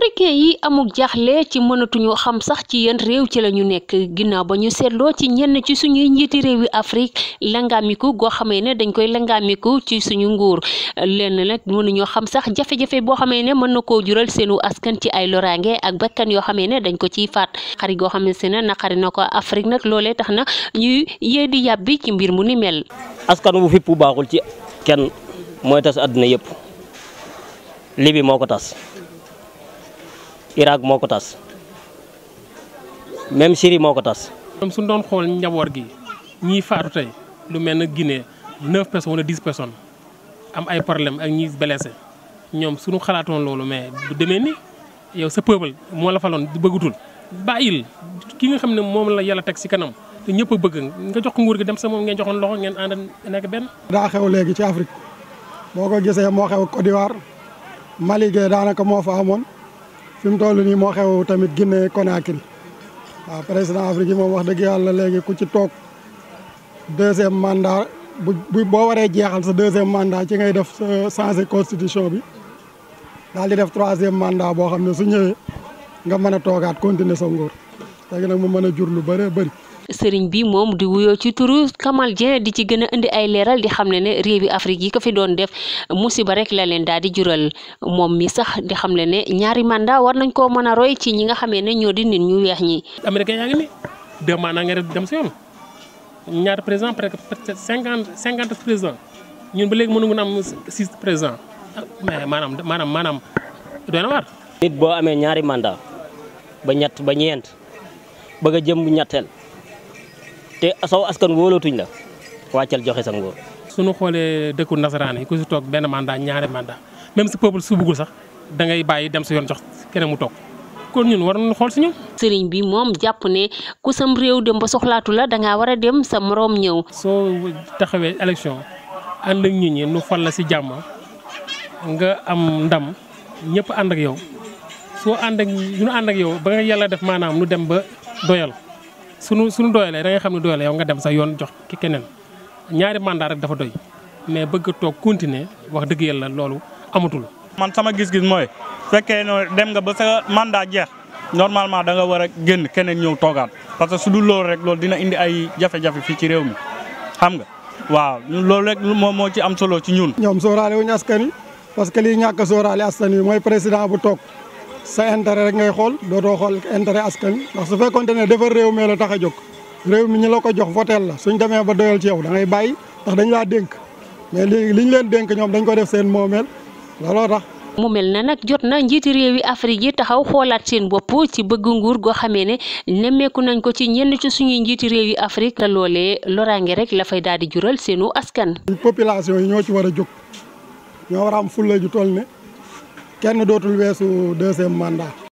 africain yi amul jaaxle ci mënatuñu xam sax ci yenn réew ci la ñu nekk ginnaaw ba ñu seetloo ci ñenn ci suñuy njiiti réew yi Afrique langaamiku goo xamee ne dañ koy langaamiku ci suñu nguur lenn nag mënuñoo xam sax jafe-jafe boo xamee ne mën na koo jural seenu askan ci ay loraange ak bakkan yoo xamee ne dañ ko ciy faat xari goo xamee se ne naqari na koy Afrique nag loolee tax na ñuy yee di yàbbi ci mbir mu ni mel. askan bu fipp baaxul ci kenn mooy tas àddina moo ko tas. Irak moo ko tas même Syrie moo ko tas. ñoom suñu doon xool njaboot gi ñiy faatu tey lu mel ne Guinée neuf personnes wala dix am ay problème ak ñi blessé ñoom suñu xalaatoon loolu mais bu demee ni yow sa peuple moo la faloon bëggutul bàyyil ki nga xam ne moom la yàlla teg ci kanam te ñëpp bëgg nga jox ko nguur gi dem sa moom ngeen joxoon loxo ngeen ànd nekk benn. daa xew léegi ci Afrique boo ko gisee moo xew Côte d'Ivoire daanaka moo fa amoon. fi mu toll nii moo xew tamit Guinée Conakry waaw président Afrique yi moom wax dëgg yàlla léegi ku ci toog deuxième mandat bu boo waree jeexal sa deuxième mandat ci ngay def changé constitution bi daal di def troisième mandat boo xam ne su ñëwee nga mën a toogaat continuer sa nguur léegi nag mu mën a jur lu bëre bëri. sëriñ bi moom di wuyoo ci turu Kamal Dieng di ci gën a indi ay leeral di xam ne ne réew bi Afrique yi ko fi doon def musiba rek la leen daal di jural moom mi sax di xam ne ne ñaari mandat war nañ koo mën a roy ci ñi nga xamee ne ñoo di nit ñu weex ñi. américain yaa ngi ni deux mandat nga dem si yoon ñaar président presque cinquante cinquante président ñun ba léegi mënuñu am six président mais maanaam maanaam maanaam doy nit boo amee ñaari mandaa ba ñett ba ñeent bëgg a jëm ñetteel. te saw askan wóolootuñ la wàccal joxe sa su nu xoolee dëkku nasaraan yi ku si toog benn mandat ñaare mandat même si peuple su bëggul sax da ngay bàyyi dem sa yoon jox keneen mu toog kon ñun war nañu xool si ñun. sëriñ bi moom jàpp ne ku sam réew dem ba soxlaatu la da ngaa war a dem sa moroom ñëw. soo taxawee élection ànd ak nit ñi nu fal la si jàmm nga am ndam ñëpp ànd ak yow soo ànd ak ñu ànd ak yow ba nga yàlla def maanaam nu dem ba doyal. sunu sunu doyalee da nga xam ne doyalee yow nga dem sax yoon jox ki keneen ñaari mandat rek dafa doy mais bëgg toog continuer wax dëgg yàlla loolu amatul. man sama gis-gis mooy fekkee no dem nga ba sa mandat jeex normalement da nga war a génn keneen ñëw toogaat parce que su dul loolu rek loolu dina indi ay jafe-jafe fii ci réew mi xam nga waaw loolu rek moom moo ci am solo ci ñun. ñoom sóoraale wuñu askan wi que lii ñàkk a sóoraale askan wi mooy président bu toog. sa intérêt rek ngay xool dootoo xool entre askan wi ndax su fekkonte ne defar réew mi la tax a jóg réew mi ñu la ko jox voteel la suñ demee ba doyal ci yow da ngay bàyyi ndax dañ laa dénk mais li liñ leen dénk ñoom dañ ko def seen moomeel looloo tax. mu mel na nag jot na njiiti réew yi Afrique yi taxaw xoolaat seen bopp ci bëgg nguur goo xamee ne nemmeeku nañ ko ci ñenn ci suñuy njiiti réew yi Afrique loole loolee loraange rek la fay daal di jural seenu askan. population ñoo ci war a jóg kenn dootul weesu deuxième mandat